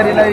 dari lay